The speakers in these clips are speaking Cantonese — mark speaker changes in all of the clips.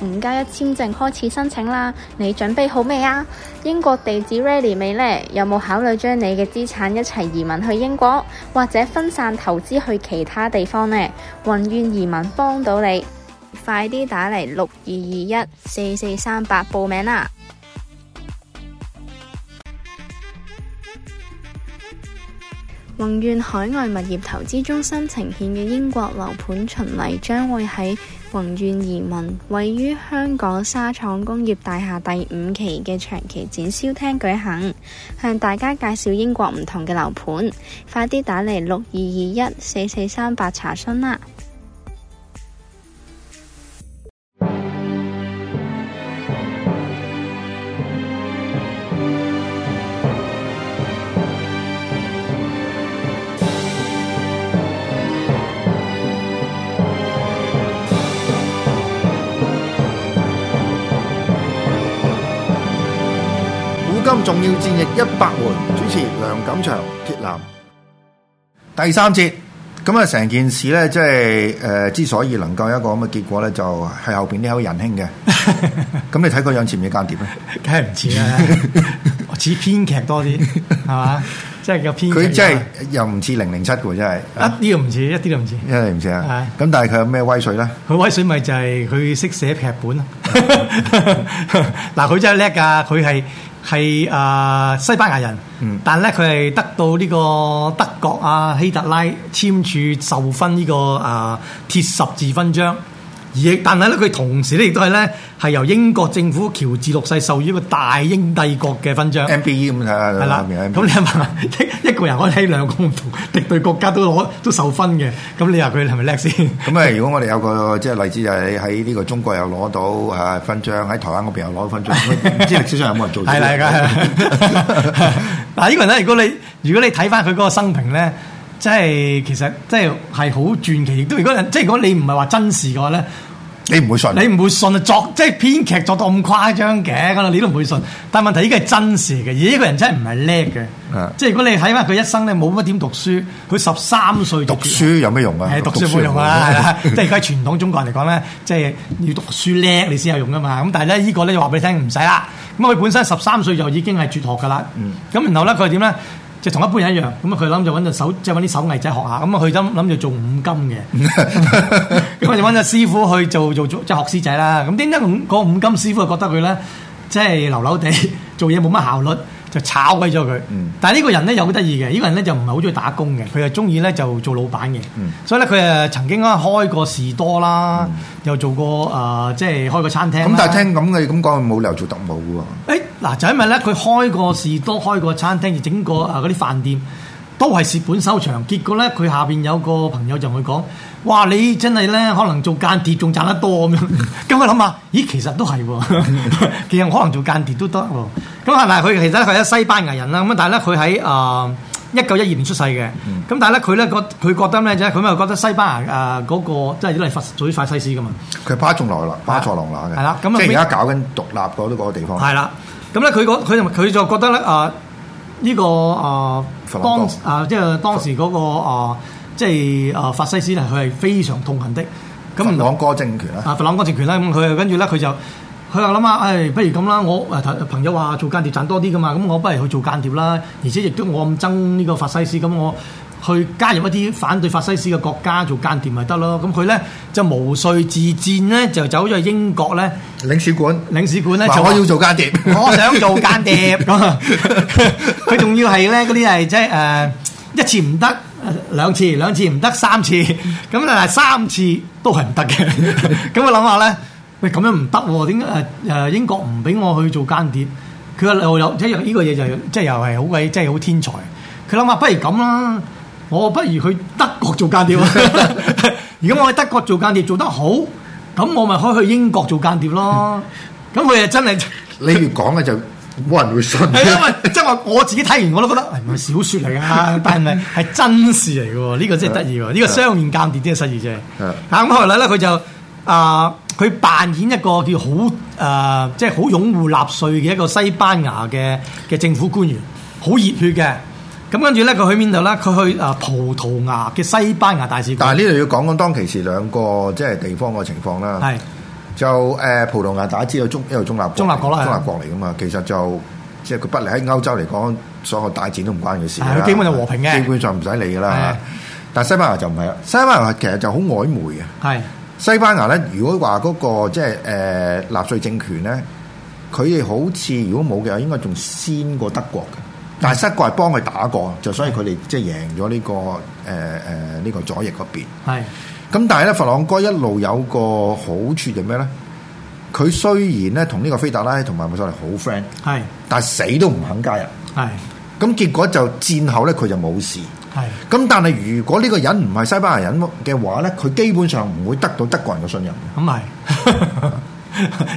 Speaker 1: 五加一簽證開始申請啦，你準備好未啊？英國地址 ready 未呢？有冇考慮將你嘅資產一齊移民去英國，或者分散投資去其他地方呢？宏願移民幫到你，快啲打嚟六二二一四四三八報名啦！宏願海外物業投資中心呈現嘅英國樓盤巡禮將會喺。宏願移民，位於香港沙廠工業大廈第五期嘅長期展銷廳舉行，向大家介紹英國唔同嘅樓盤，快啲打嚟六二二一四四三八查詢啦！
Speaker 2: 重要戰役一百回，主持梁錦祥、鐵男。第三節咁啊，成件事咧，即係誒，之所以能夠有一個咁嘅結果咧，就係後邊呢口人兄嘅。咁你睇佢有冇前面嘅間諜咧？
Speaker 1: 梗係唔似啦，似編劇多啲係嘛？即係叫編劇。佢真
Speaker 2: 係又唔似零零七嘅，真係一
Speaker 1: 啲都唔似，一啲都唔似，
Speaker 2: 一啲都唔似啊！咁但係佢有咩威水咧？佢威水咪就係佢識寫劇本咯。
Speaker 1: 嗱，佢真係叻噶，佢係。係啊、呃，西班牙人，嗯、但咧佢係得到呢個德國啊希特拉簽署授勛呢個啊、呃、鐵十字勛章。但係咧，佢同時咧，亦都係咧，係由英國政府喬治六世授予一個大英帝國嘅勛章。M B E 咁啊，係啦的。咁、e. 你問問一一個人可以喺兩個唔同敵對國家都攞都受勛嘅，咁你話佢係咪叻先？
Speaker 2: 咁啊，如果我哋有個即係例子，就係喺呢個中國又攞到誒勛章，喺台灣嗰邊又攞到勛章，唔 知歷史上有冇人做 是？係啦，係啦。
Speaker 1: 嗱，呢個人咧，如果你如果你睇翻佢嗰個生平咧，即係其實即係係好傳奇，亦都如果即係如果你唔係話真事嘅話咧。你唔會信，你唔會信啊！作即係編劇作到咁誇張嘅，你都唔會信。但係問題依個係真事嘅，而呢個人真係唔係叻嘅，的即係如果你睇翻佢一生咧，冇乜點讀書，佢十三歲讀書有咩
Speaker 2: 用啊？讀書冇用啊！ 即係如
Speaker 1: 果傳統中國人嚟講咧，即係要讀書叻你先有用噶嘛。咁但係咧，呢個咧又話俾你聽唔使啦。咁佢本身十三歲就已經係絕學噶啦。咁、嗯、然後咧，佢點咧？即係同一般人一樣，咁啊佢諗就搵個手，即係搵啲手藝仔學下，咁啊佢諗住就做五金嘅，咁佢就揾師傅去做做即係學師仔啦。咁點解個五金師傅啊覺得佢咧即係流流地做嘢冇乜效率，就炒鬼咗佢。嗯、但呢個人咧又好得意嘅，呢、呢個人咧就唔係好中意打工嘅，佢係中意咧就做老闆嘅。嗯、所以咧佢曾經開開過士多啦，嗯、又做過即係、呃就是、開個餐廳。咁但係聽
Speaker 2: 咁嘅咁講，冇理由做特務喎。
Speaker 1: 嗱就因為咧，佢開過士多，開過餐廳，整個啊嗰啲飯店都係蝕本收場。結果咧，佢下邊有個朋友就同佢講：哇！你真係咧，可能做間諜仲賺得多咁樣。咁佢諗下，咦，其實都係喎，其實可能做間諜都得喎。咁啊，係咪？佢其實佢係西班牙人啦。咁但係咧，佢喺啊一九一二年出世嘅。咁但係咧，佢咧佢覺得咧，即佢又覺得西班牙啊、那、嗰個即係都係法屬法西斯噶嘛？
Speaker 2: 佢巴仲來啦，巴塞隆拿嘅。係啦的，咁即而家搞緊獨立嗰個地方。係啦。
Speaker 1: 咁咧，佢講佢就佢就覺得咧啊，呢、這個啊當啊即係當時嗰、啊就是那個啊即係、就是、啊法西斯咧，佢係非常痛恨的。咁佛朗哥政權啦、啊啊，啊佛朗哥政權啦，咁佢跟住咧，佢就佢又諗下，誒、哎、不如咁啦，我誒朋友話做間諜賺多啲噶嘛，咁我不如去做間諜啦，而且亦都我咁憎呢個法西斯，咁我。去加入一啲反對法西斯嘅國家做間諜咪得咯？咁佢咧就毛遂自薦咧，就走咗去了英國咧
Speaker 2: 領事館。領事館咧，可以做間諜，我想做間諜。
Speaker 1: 佢仲 要係咧嗰啲係即係誒一次唔得，兩次兩次唔得，三次咁但係三次都係唔得嘅。咁佢諗下咧，喂咁樣唔得、啊，點解誒英國唔俾我去做間諜？佢又有、這個就是就是、又一樣呢個嘢就即係又係好鬼，即係好天才。佢諗下，不如咁啦。我不如去德國做間諜。 如果我喺德國做間諜做得好，咁我咪可以去英國做間諜咯。
Speaker 2: 咁佢、嗯、真係，你越講嘅就冇人會信。係
Speaker 1: 啊，即係我我自己睇完我都覺得唔係、欸、小說嚟噶？但係唔係係真事嚟嘅喎？呢、呢個真係得意喎！呢、呢個雙面間諜真係失意啫。係咁、嗯、後來咧，佢就啊，佢扮演一個叫好啊，即係好擁護納粹嘅一個西班牙嘅嘅政府官員，好熱血嘅。咁跟住咧，佢去邊度咧？佢去啊葡萄牙嘅西班牙大使館。但係
Speaker 2: 呢度要講講當其時兩個即係地方嘅情況啦是。係就誒葡萄牙，大家知道，中一個中立中立國啦，中立國嚟噶嘛？是的 其實就即係佢不離喺歐洲嚟講，所有大戰都唔關佢事。佢基本就和平嘅，的基本上唔使理噶啦。是的 但係西班牙就唔係啦。西班牙其實就好曖昧嘅。係是的 西班牙咧，如果話嗰、那個即係誒納粹政權咧，佢哋好似如果冇嘅話，應該仲先過德國嘅。嗯、但係德國係幫佢打過，就所以佢哋即係贏咗呢、呢個誒誒呢個左翼嗰邊。咁是，但係咧佛朗哥一路有個好處就咩咧？佢雖然咧同呢個菲達拉同埋麥索尼好 friend，但係死都唔肯加入。咁是，結果就戰後咧佢就冇事。咁是，但係如果呢個人唔係西班牙人嘅話咧，佢基本上唔會得到德國人嘅信任。咁係，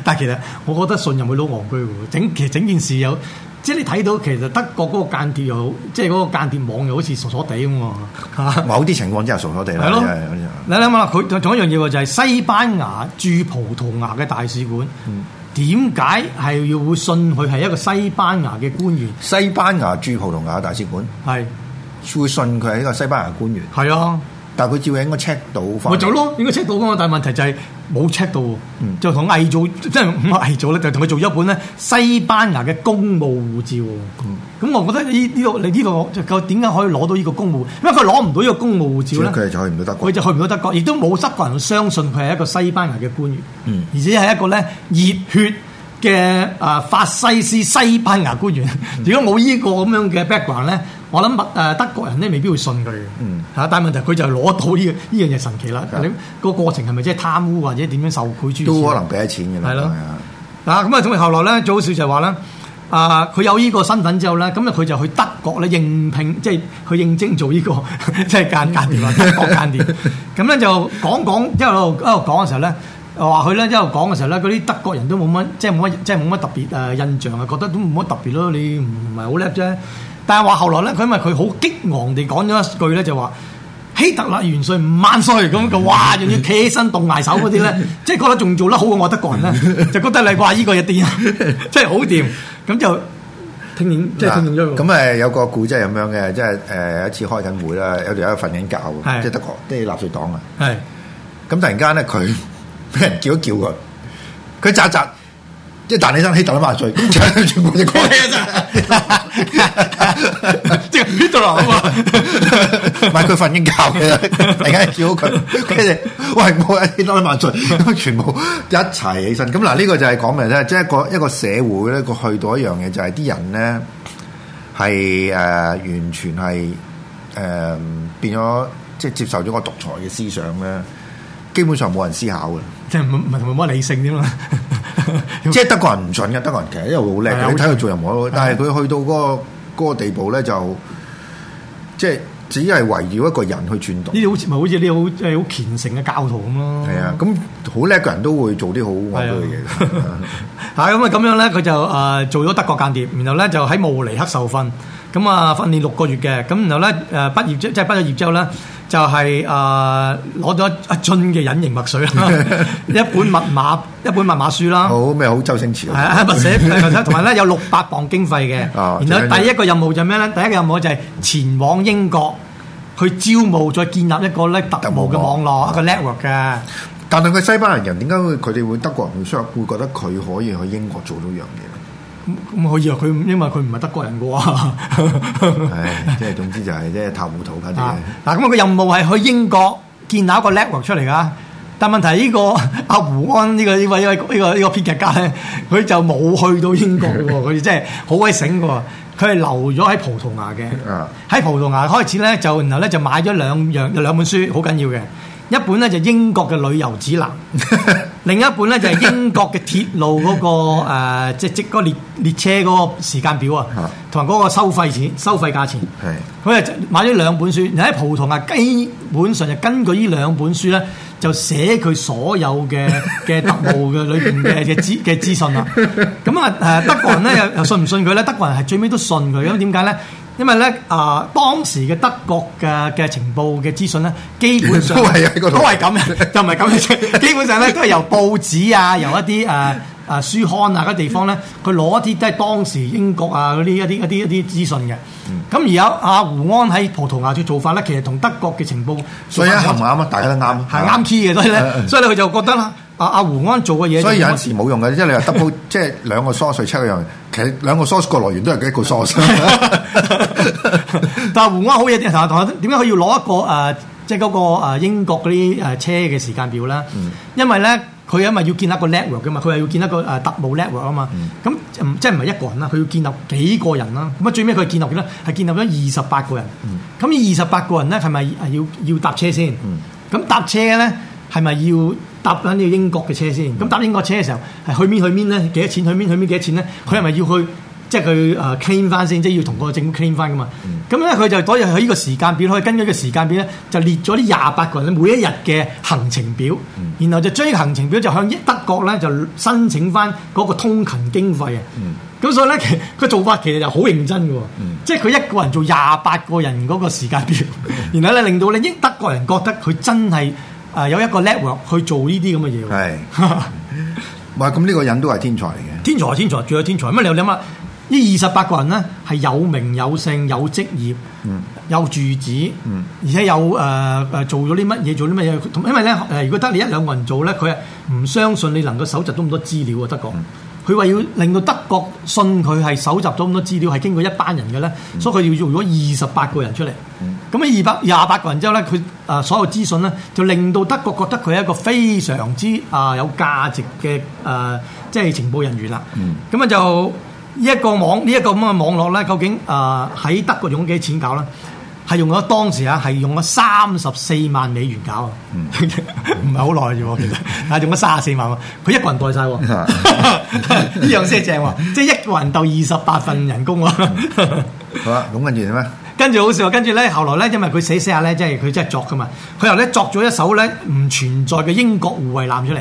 Speaker 1: 但係其實我覺得信任會老戇居整其實整件事有。即係你睇到，其實德國嗰個間諜又好，即係嗰個間諜網又好似傻傻地咁喎。嚇，
Speaker 2: 某啲情況之下傻傻地啦。係咯的。係，
Speaker 1: 你諗下佢仲有一樣嘢喎，就係西班牙駐葡萄牙嘅大使館，
Speaker 2: 點解係要會信佢係一個西班牙嘅官員？西班牙駐葡萄牙嘅大使館係會信佢係一個西班牙嘅官員？係啊。但佢照應該 check 到，咪做咯，
Speaker 1: 應該 check 到嘅。但係問題就係冇 check 到的，嗯、就同偽造，即係唔係偽造咧，就同佢做一本咧西班牙嘅公務護照。咁、嗯、我覺得依、這、呢個，你、這、呢個點解可以攞到呢個公務？因為佢攞唔到呢個公務護照咧，佢
Speaker 2: 就去唔到德國，
Speaker 1: 佢就去唔到德國，亦都冇一個人相信佢係一個西班牙嘅官員，嗯、而且係一個咧熱血嘅啊法西斯西班牙官員。嗯、如果冇呢個咁樣嘅 background 咧。我諗德國人咧未必會信佢，嗯、但係問題佢就攞到呢個，呢樣嘢神奇啦。你個的過程係咪即係貪污或者點樣受賄？都可能
Speaker 2: 俾錢㗎啦。係咯的，
Speaker 1: 嗱咁啊，咁佢、嗯、後來咧最好笑就係話咧，啊佢、呃、有呢個身份之後咧，咁啊佢就去德國咧應聘，即係去應徵做呢、呢個即係、即係、間間諜啊，德國間諜。咁咧 就講一講一路一路講嘅時候咧。話佢咧一路講嘅時候咧，嗰啲德國人都冇乜，即係冇乜，即係冇乜特別啊印象啊，覺得都冇乜特別咯。你唔係好叻啫。但係話後來咧，佢因為佢好激昂地講咗一句咧，就話希特勒元帥萬歲咁嘅，哇！仲要企起身動埋手嗰啲咧，即係 覺得仲做得好過我德國人啦， 就覺得你話呢個嘢掂，即係好掂。咁就聽完，
Speaker 2: 即係聽完咗。咁誒有個故仔咁樣嘅，即係誒一次開緊會啦，有條友瞓緊覺，即係的德國，即係納粹黨啊。係的。咁突然間咧，佢。俾人叫都叫佢，佢扎一扎即係彈起身，起彈咗萬歲，咁全部的他他就講嘢啦，跌跌到落啊嘛，唔係佢瞓緊覺嘅，突然間叫好佢，喂唔好啊，跌到萬歲，咁全部一齊起身，咁嗱呢個就係講明咧，即係一個一個社會咧，佢去到的一樣嘢就係、是、啲人咧係誒完全係誒、呃、變咗即係接受咗個獨裁嘅思想咧。基本上冇人思考嘅，
Speaker 1: 即係唔係同埋冇理性啲嘛。
Speaker 2: 即係德國人唔信嘅，德國人其實因為好叻嘅，睇佢的做任何，是的但係佢去到嗰、嗰個、嗰個地步咧，就即係只係圍繞一個人去轉動。呢
Speaker 1: 啲好似咪好似啲好即係好虔誠嘅教徒咁咯、啊。係
Speaker 2: 啊，咁好叻嘅人都會做啲好戇居
Speaker 1: 嘅嘢。咁啊，咁樣咧，佢就誒做咗德國間諜，然後咧就喺慕尼黑受訓，咁啊訓練六個月嘅，咁然後咧誒畢業即係畢業之後咧。就係誒攞咗一樽嘅隱形墨水， 一本密碼一本密碼書啦。
Speaker 2: 好咩？好周星馳。係啊，墨水同埋咧
Speaker 1: 有六百磅經費嘅。哦，然後第一個任務就係咩咧？第一個任務就係前往英國去招募，再建立一個咧特務嘅網絡，一個 network 嘅。
Speaker 2: 但係佢西班牙人點解會佢哋會德國人會想會覺得佢可以去英國做到一樣嘢？
Speaker 1: 咁可以啊！佢因為佢唔係德國人
Speaker 2: 嘅喎，係即係總之就係即係一塌糊塗嗰啲嘅。
Speaker 1: 嗱咁啊，個任務係去英國建立一個 network 出嚟噶。但問題呢個阿胡安呢個呢位呢位呢個呢個編劇家咧，佢就冇去到英國喎。佢真係好鬼醒嘅喎，佢係留咗喺葡萄牙嘅。喺葡萄牙開始咧，就然後咧就買咗兩樣兩本書，好緊要嘅。一本咧就英國嘅旅遊指南， 另一本咧就係英國嘅鐵路嗰個誒，即係即列列車嗰個時間表啊，同埋嗰個收費錢、收費價錢。係，咁啊佢買咗兩本書，喺葡萄牙基本上就根據呢兩本書咧，就寫佢所有嘅嘅 特務嘅裏邊嘅嘅資嘅資訊啦。咁啊，誒德國人咧又又信唔信佢咧？德國人係最尾都信佢，咁點解咧？因為咧，啊、呃、當時嘅德國嘅嘅情報嘅資訊咧，基本上都係都係咁嘅，唔係咁嘅，基本上咧都係由報紙啊，由一啲誒、啊、書刊啊嗰啲地方咧，佢攞一啲即係當時英國啊嗰啲一啲一啲一啲資訊嘅。咁、嗯、而有阿、啊、胡安喺葡萄牙嘅做法咧，其實同德國嘅情報做法咧，所以啱唔啱啊？大家都啱啊，係啱 key 嘅，所以咧，所以咧佢就覺得啦。阿胡、啊、安做嘅嘢，所以有陣時
Speaker 2: 冇用嘅，即係你話 double 即係兩個 source 出嗰樣，其實兩個 source 個來源都係一個 source
Speaker 1: 但係胡安好嘢，同人同我點解佢要攞一個、呃、即係嗰個英國嗰啲誒車嘅時間表呢？嗯、因為咧，佢因為要建立一個 network 嘅嘛，佢係要建立一個誒特務 network 啊嘛。咁、嗯、即係唔係一個人啦，佢要建立幾個人啦。咁啊最尾佢建立咗係建立咗二十八個人。咁二十八個人咧係咪要要，要搭車先？咁、嗯、搭車咧？係咪要搭緊呢個英國嘅車先？咁搭、嗯、英國車嘅時候係去邊去邊咧？幾多錢去邊去邊幾多錢咧？佢係咪要去、就是呃、即係佢誒 claim 翻先？即係要同個政府 claim 翻噶嘛？咁咧佢就攞住佢呢個時間表，可以跟嗰個時間表咧，就列咗啲廿八個人每一日嘅行程表，嗯、然後就將啲行程表就向德國咧就申請翻嗰個通勤經費啊！咁、嗯、所以咧，佢做法其實就好認真嘅喎，即係佢一個人做廿八個人嗰個時間表，嗯、然後咧令到咧英德國人覺得佢真係。啊、呃！有一個 network 去做呢啲咁嘅嘢喎。係是，
Speaker 2: 哇！咁呢個人都係天才嚟嘅。
Speaker 1: 天才，天才，最有天才。咁你你諗下呢二十八個人咧，係有名有姓有職業，嗯，有住址，嗯，而且有誒做咗啲乜嘢，做啲乜嘢？同因為咧、呃、如果得你一兩個人做咧，佢係唔相信你能夠搜集到咁多資料啊，德國。嗯佢話要令到德國信佢係搜集咗咁多資料係經過一班人嘅咧，所以佢要用咗二十八個人出嚟。咁咧二百廿八個人之後咧，佢啊所有資訊咧就令到德國覺得佢係一個非常之啊有價值嘅誒即係情報人員啦。咁啊就呢一個網呢一個咁嘅網絡咧，究竟啊喺德國用幾錢搞咧？係用咗當時啊，係用咗三十四萬美元搞啊，唔係好耐啫喎，其實是， 但係用咗三十四萬喎，佢一個人代晒喎，依 樣先正喎，即係 一個人鬥二十八份人工喎，嗯，
Speaker 2: 好嘛？咁跟住點啊？
Speaker 1: 跟住好笑，跟住咧，後來咧，因為佢寫寫下咧，即係佢真係作噶嘛，佢又咧作咗一首咧，唔存在嘅英國護衛艦出嚟，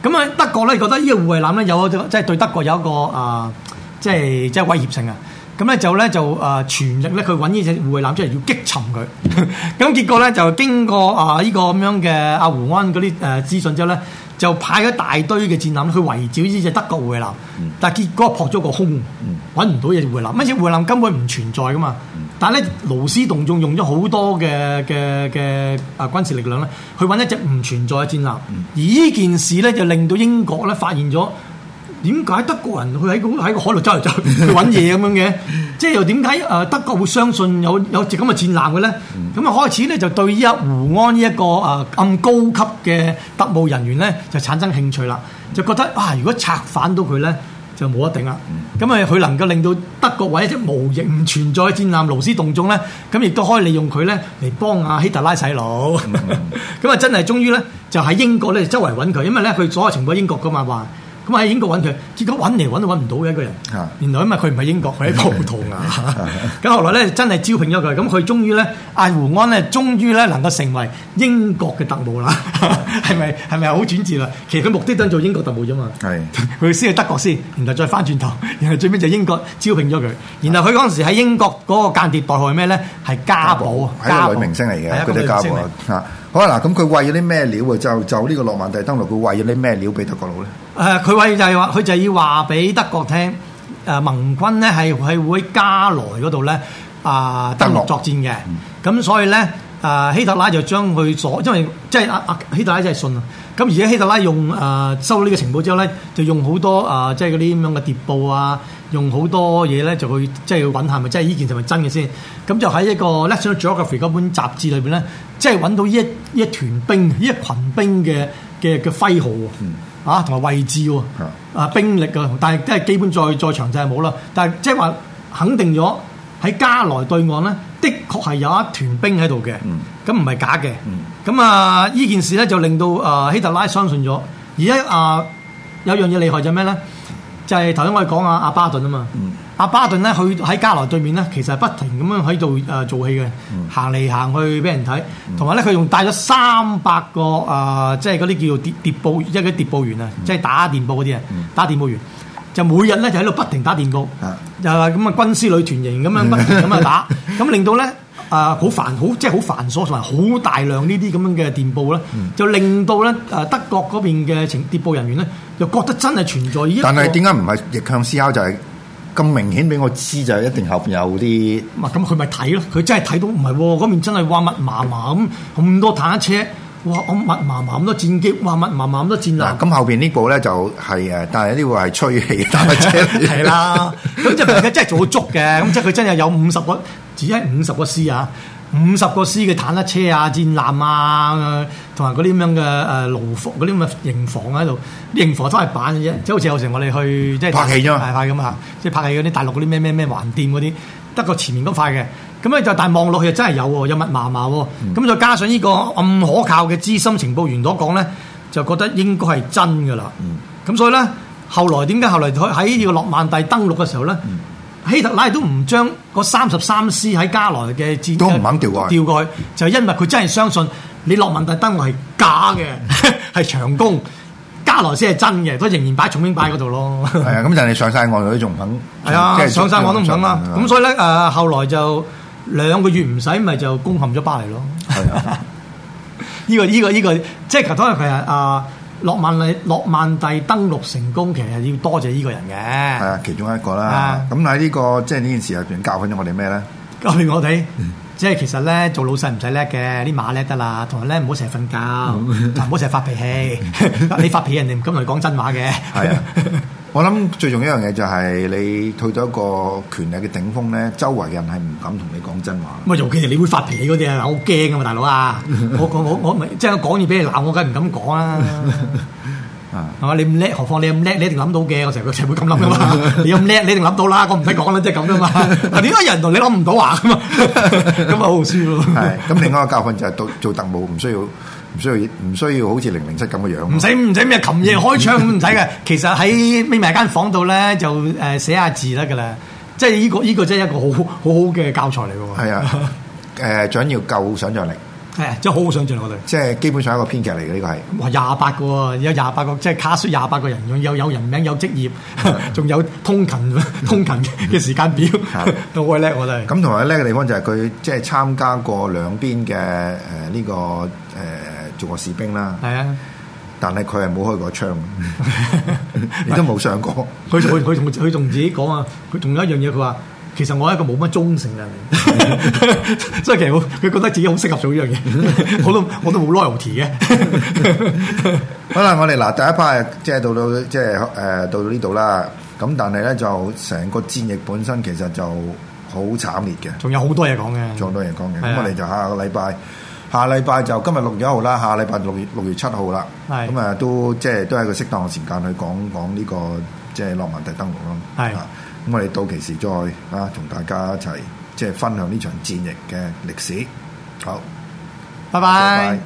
Speaker 1: 咁啊 德國咧覺得呢個護衛艦咧有咗即係對德國有一個啊，即係即係威脅性啊！咁咧就咧就誒、呃、全力咧，佢揾呢隻護衛艦出嚟要擊沉佢。咁 結果咧就經過、呃這個、啊呢個咁樣嘅阿胡安嗰啲誒資訊之後咧，就派咗大堆嘅戰艦去圍剿呢隻德國護衛艦、嗯、但結果撲咗個空，揾唔到隻護衛艦。乜嘢護衛艦根本唔存在噶嘛？嗯、但咧勞師動眾用咗好多嘅嘅嘅啊軍事力量咧，去揾一隻唔存在嘅戰艦。嗯、而呢件事咧就令到英國咧發現咗。點解德國人會喺個喺個海度周圍走去揾嘢咁樣嘅？即係又點解誒德國會相信有有隻咁嘅戰艦嘅咧？咁啊、嗯、開始咧就對呢一胡安呢一個誒咁高級嘅特務人員咧就產生興趣啦，嗯、就覺得啊如果策反到佢咧就冇得頂啦。咁啊佢能夠令到德國為一隻無形存在嘅戰艦勞師動眾咧，咁亦都可以利用佢咧嚟幫阿希特拉細佬。咁啊、嗯嗯、 真係終於咧就喺英國咧周圍揾佢，因為咧佢所有情報英國噶嘛話。咁喺英國揾佢，結果揾嚟揾都揾唔到嘅一個人。啊、原來因為佢唔係英國，佢喺葡萄牙。
Speaker 2: 咁、
Speaker 1: 啊啊、 後來咧，真係招聘咗佢。咁佢終於咧，艾胡安咧，終於咧能夠成為英國嘅特務啦。係咪係咪好轉折啦？其實佢目的都係做英國特務啫嘛。係、啊，佢 先去德國先，然後再翻轉頭，然後最尾就英國招聘咗佢。然後佢嗰陣時喺英國嗰個間諜代號係咩咧？係嘉寶啊，係導導一個女明星嚟嘅，佢嘅嘉寶啊。
Speaker 2: 好啊嗱，咁佢為咗啲咩料就就呢個諾曼第登陸佢為咗啲咩料俾德國佬咧？
Speaker 1: 誒佢話就係話佢就係要話俾德國聽，誒、呃、盟軍咧係係喺加來加萊嗰度咧啊登陸作戰嘅，咁、嗯、所以咧誒、呃、希特拉就將佢所因為即係阿阿希特拉真係信啊，咁而家希特拉用誒、呃、收到呢個情報之後咧，就用好多誒、呃、即係嗰啲咁樣嘅諜報啊，用好多嘢咧就去即係揾下咪即係呢件就咪真嘅先？咁就喺一個 National Geography 嗰本雜誌裏邊咧，即係揾到一一團兵、呢一羣兵嘅嘅嘅徽號、嗯啊，同埋位置喎、啊，啊兵力啊，但係都係基本再再詳細冇啦。但係即係話肯定咗喺加萊對岸咧，的確係有一團兵喺度嘅，咁唔係假嘅。咁、嗯、啊，呢件事咧就令到啊希特拉相信咗。而家啊有一樣嘢厲害就係咩咧？就係頭先我哋講啊阿巴頓啊嘛。嗯阿巴頓咧，佢喺加來對面咧，其實不停咁樣喺度誒做戲嘅，行嚟行去俾人睇。同埋咧，佢仲帶咗三百個誒，即係嗰啲叫做諜諜報，諜諜嗯、即係啲諜報員啊，即係打電報嗰啲人，嗯、打電報員就每日咧就喺度不停打電報，又話咁啊軍師旅團營咁樣、嗯、不停咁啊打，咁 令到咧誒好煩，好即係好繁瑣同埋好大量呢啲咁樣嘅電報啦，嗯、就令到咧誒、呃、德國嗰邊嘅情諜報人員咧，就覺得真係存
Speaker 2: 在。但係點解唔係逆向思考就係、是？咁明顯俾我知就一定後邊有啲，咁佢咪睇咯？佢真係睇到唔係喎，嗰、啊、邊真係哇密麻麻咁咁多坦克車，哇咁密麻麻咁多戰機，哇密麻麻咁多戰艦。咁、啊、後邊呢部咧就係、是、誒，但係呢個係吹氣坦克 車，係啦、 啊。咁即係佢真係做到足嘅，咁即係佢真係有五
Speaker 1: 十個，只係五十個師啊，五十個師嘅坦克車啊，戰艦啊。同埋嗰啲咁樣嘅誒牢房、嗰啲咁嘅營房喺度，啲營房都係板嘅啫，即係好似有時我哋去即係拍戲啫嘛，大咁啊，即係拍戲嗰啲大陸嗰啲咩咩咩橫店嗰啲，得個前面嗰塊嘅，咁咧就但係望落去真係有喎，有密麻麻喎，咁、嗯、再加上呢個咁可靠嘅資深情報員所講咧，就覺得應該係真㗎啦。咁、嗯、所以咧，後來點解後來喺呢個諾曼第登陸嘅時候咧，嗯、希特拉也不把那都唔將嗰三十三師喺加萊嘅戰都唔肯調過，調過去就因為佢真係相信。你諾曼第登陸係假嘅，係佯攻加萊先係真嘅，都仍然擺重兵擺嗰度咯。
Speaker 2: 係啊，咁就係你上晒岸佢都仲唔肯，的即係上晒岸都唔肯啦。咁所以
Speaker 1: 咧，誒、呃、後來就兩個月唔使，咪就攻陷咗巴黎咯。係啊
Speaker 2: 的，
Speaker 1: 依、 呢個呢、呢個呢、呢個，即係頭先佢話呃，諾曼、諾曼第登陸成功，其實要多謝呢個人
Speaker 2: 嘅。係啊，其中一個啦。咁喺呢個即係呢件事入邊教訓咗我哋咩咧？
Speaker 1: 教訓我哋。嗯即係其實咧，做老細唔使叻嘅，啲馬叻得啦。同埋咧，唔好成日瞓覺，唔好成日發脾氣。 你發脾氣人哋唔敢同你講真話嘅。係
Speaker 2: 啊， 我諗最重要一樣嘢就係你去到一個權力嘅頂峰咧，周圍嘅人係唔敢同你講真話。
Speaker 1: 唔係，尤其你會發脾氣嗰啲啊，好驚啊嘛，大佬 啊！我我我我即係講嘢俾你鬧，我梗係唔敢講啊。係嘛？你唔叻，何況你咁叻，你一定諗到嘅。我成日成日會咁諗噶嘛？你咁叻，你一定諗到啦。我唔使講啦，即係咁噶嘛。點解 人同你諗唔到話
Speaker 2: 嘅嘛？咁 啊好輸咯。係咁，另外一個教訓就係、是、做做特務唔需要唔需要唔需要好似零零七咁嘅樣、啊。唔使唔使咩琴夜開槍唔使嘅。其實喺
Speaker 1: 匿埋間房度咧，就誒寫下字得噶啦。即係呢、這個呢、這個真係一個好好好嘅教材嚟喎。係
Speaker 2: 啊，誒、呃，主要夠想像力。
Speaker 1: 係，即係好好想像我哋
Speaker 2: 即係基本上一個編劇嚟嘅，呢個係。
Speaker 1: 哇，廿八個喎，有廿八個，即係卡士廿八個人，有有有人名有職業，仲有通勤通勤嘅時間表 的
Speaker 2: 都好叻，我哋。咁同埋叻嘅地方就係佢即係參加過兩邊嘅呢、呢個做過、呃、士兵啦。係啊，但係佢係冇開過槍，亦都冇上過
Speaker 1: 佢佢佢仲佢自己講啊，佢仲有一樣嘢佢話。其實我係一個冇乜忠誠嘅人，嗯、 所以其實佢覺得自己好適合做呢樣嘢，我都我都冇 loyalty 嘅。
Speaker 2: 好啦，我哋嗱第一 part 即係到、就是、到即係誒到到呢度啦。咁但係咧就成個戰役本身其實就好慘烈嘅，仲有好多嘢講嘅，仲多嘢講嘅。咁的我哋就下個禮拜，下禮拜就今日六月一號啦，下禮拜六月六月七號啦。咁啊的都即係、就是、都係一個適當嘅時間去講講呢、這個即係、就是、諾曼第登陸咯。係。我哋到期時再啊，同大家一齊即係分享呢場戰役嘅歷史。好，拜拜。